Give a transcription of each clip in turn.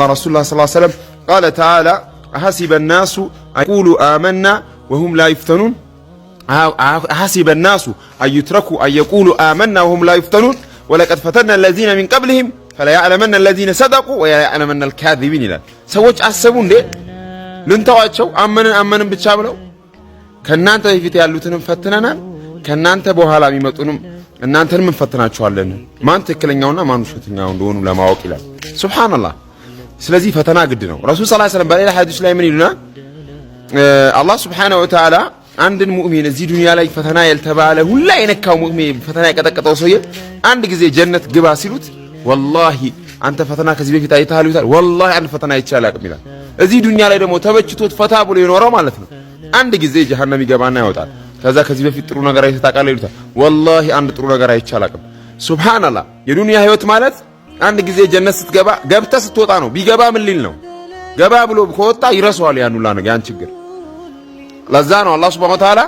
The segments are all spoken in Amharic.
ላ ረሱሉ ላ ሰለም ቃለ ተዓላ አሐሲበ ናሱ አንየቁሉ አመና ወሁም ላ ዩፍተኑን አሐሲበ ናሱ አንዩትረኩ አንየቁሉ አመና ወሁም ላ ዩፍተኑን ወለቀድ ፈተና ለዚነ ሚን ቀብልህም ፈለያዕለመና ለዚነ ሰደቁ ወለያዕለመና አልካዚቢን ይላል። ሰዎች አሰቡ እንዴ ልንተዋቸው አመንን አመንን ብቻ ብለው ከእናንተ በፊት ያሉትንም ፈትነናል፣ ከእናንተ በኋላ የሚመጡንም እናንተንም እንፈትናቸዋለን ማን ትክክለኛውና ማን ውሸተኛው እንደሆኑ ለማወቅ ይላል። ሱብሓነላህ ስለዚህ ፈተና ግድ ነው። ረሱል ሰለላሁ ዐለይሂ ወሰለም በሌላ ሐዲስ ላይ ምን ይሉና አላህ ሱብሓነሁ ወተዓላ አንድን ሙእሚን እዚህ ዱንያ ላይ ፈተና ያልተባለ ሁላ የነካው ሙእሚን ፈተና የቀጠቀጠው ሰውዬ አንድ ጊዜ ጀነት ግባ ሲሉት ወላሂ አንተ ፈተና ከዚህ በፊት አይተሃል ይላል። ወላሂ አንድ ፈተና ይቻል አቅም ይላል። እዚህ ዱንያ ላይ ደግሞ ተበችቶት ፈታ ብሎ የኖረው ማለት ነው አንድ ጊዜ ጀሃነም ይገባና ያወጣል። ከዛ ከዚህ በፊት ጥሩ ነገር አይተህ ታውቃለህ ይሉታል። ወላሂ አንድ ጥሩ ነገር አይቻል አቅም ሱብሃንአላህ የዱንያ ህይወት ማለት አንድ ጊዜ ጀነት ስትገባ ገብተ ስትወጣ ነው። ቢገባ ምን ሊል ነው? ገባ ብሎ ከወጣ ይረሳዋል ያን ሁላ ነገር ያን ችግር። ለዛ ነው አላህ ሱብሃነሁ ወተዓላ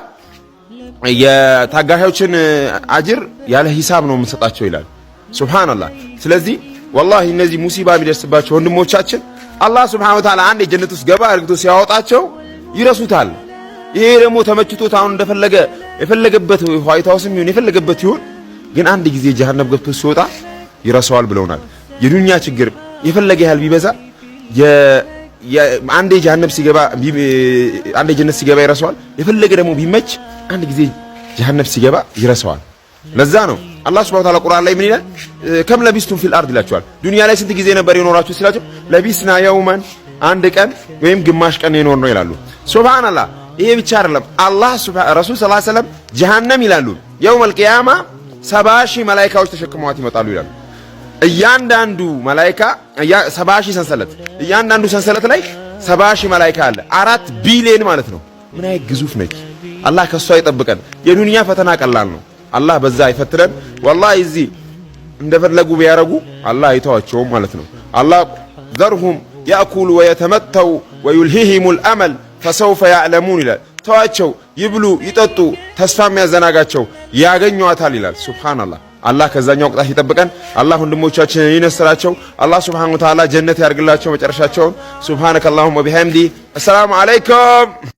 የታጋሾችን አጅር ያለ ሂሳብ ነው የምንሰጣቸው ይላል። ሱብሃንአላህ። ስለዚህ ወላሂ እነዚህ ሙሲባ የሚደርስባቸው ወንድሞቻችን አላህ ሱብሃነሁ ወተዓላ አንድ የጀነት ውስጥ ገባ አድርግቶ ሲያወጣቸው ይረሱታል። ይሄ ደግሞ ተመችቶት አሁን እንደፈለገ የፈለገበት ዋይታውስም ይሁን የፈለገበት ይሁን፣ ግን አንድ ጊዜ ጀሃነም ገብቶ ሲወጣ ይረሳዋል ብለውናል። የዱንያ ችግር የፈለገ ያህል ቢበዛ አንዴ ጀሃነም ሲገባ አንዴ ጀነት ሲገባ ይረሳዋል። የፈለገ ደግሞ ቢመች አንድ ጊዜ ጀሃነም ሲገባ ይረሳዋል። ለዛ ነው አላህ ሱብሃነሁ ወተዓላ ቁርአን ላይ ምን ይላል? ከም ለቢስቱም ፊል አርድ ይላቸዋል። ዱንያ ላይ ስንት ጊዜ ነበር የኖራችሁ ሲላቸው ለቢስና የውመን አንድ ቀን ወይም ግማሽ ቀን የኖር ነው ይላሉ። ሱብሃንአላህ ይሄ ብቻ አይደለም። አላህ ረሱል ሰለላሁ ዐለይሂ ወሰለም ጀሃነም ይላሉ የውመል ቂያማ ሰባ ሺህ መላኢካዎች ተሸክመዋት ይመጣሉ ይላሉ። እያንዳንዱ መላይካ ሰባ ሺህ ሰንሰለት እያንዳንዱ ሰንሰለት ላይ ሰባ ሺህ መላይካ አለ። አራት ቢሊየን ማለት ነው። ምን አይ ግዙፍ ነች። አላህ ከሷ ይጠብቀን። የዱንያ ፈተና ቀላል ነው። አላህ በዛ ይፈትነን ወላሂ እዚህ እንደፈለጉ ቢያረጉ አላህ አይተዋቸውም ማለት ነው። አላህ ዘርሁም ያእኩሉ ወየተመተው ወዩልሂሂሙ ልአመል ፈሰውፈ ያዕለሙን ይላል። ተዋቸው፣ ይብሉ፣ ይጠጡ፣ ተስፋ የሚያዘናጋቸው ያገኟታል ይላል። ሱብሃነላህ አላህ ከዛኛው ቅጣት ይጠብቀን። አላህ ወንድሞቻችን ይነስራቸው። አላህ ሱብሓነሁ ወተዓላ ጀነት ያድርግላቸው መጨረሻቸውን። ሱብሓነከ አላሁመ ወቢሐምዲ። አሰላሙ አለይኩም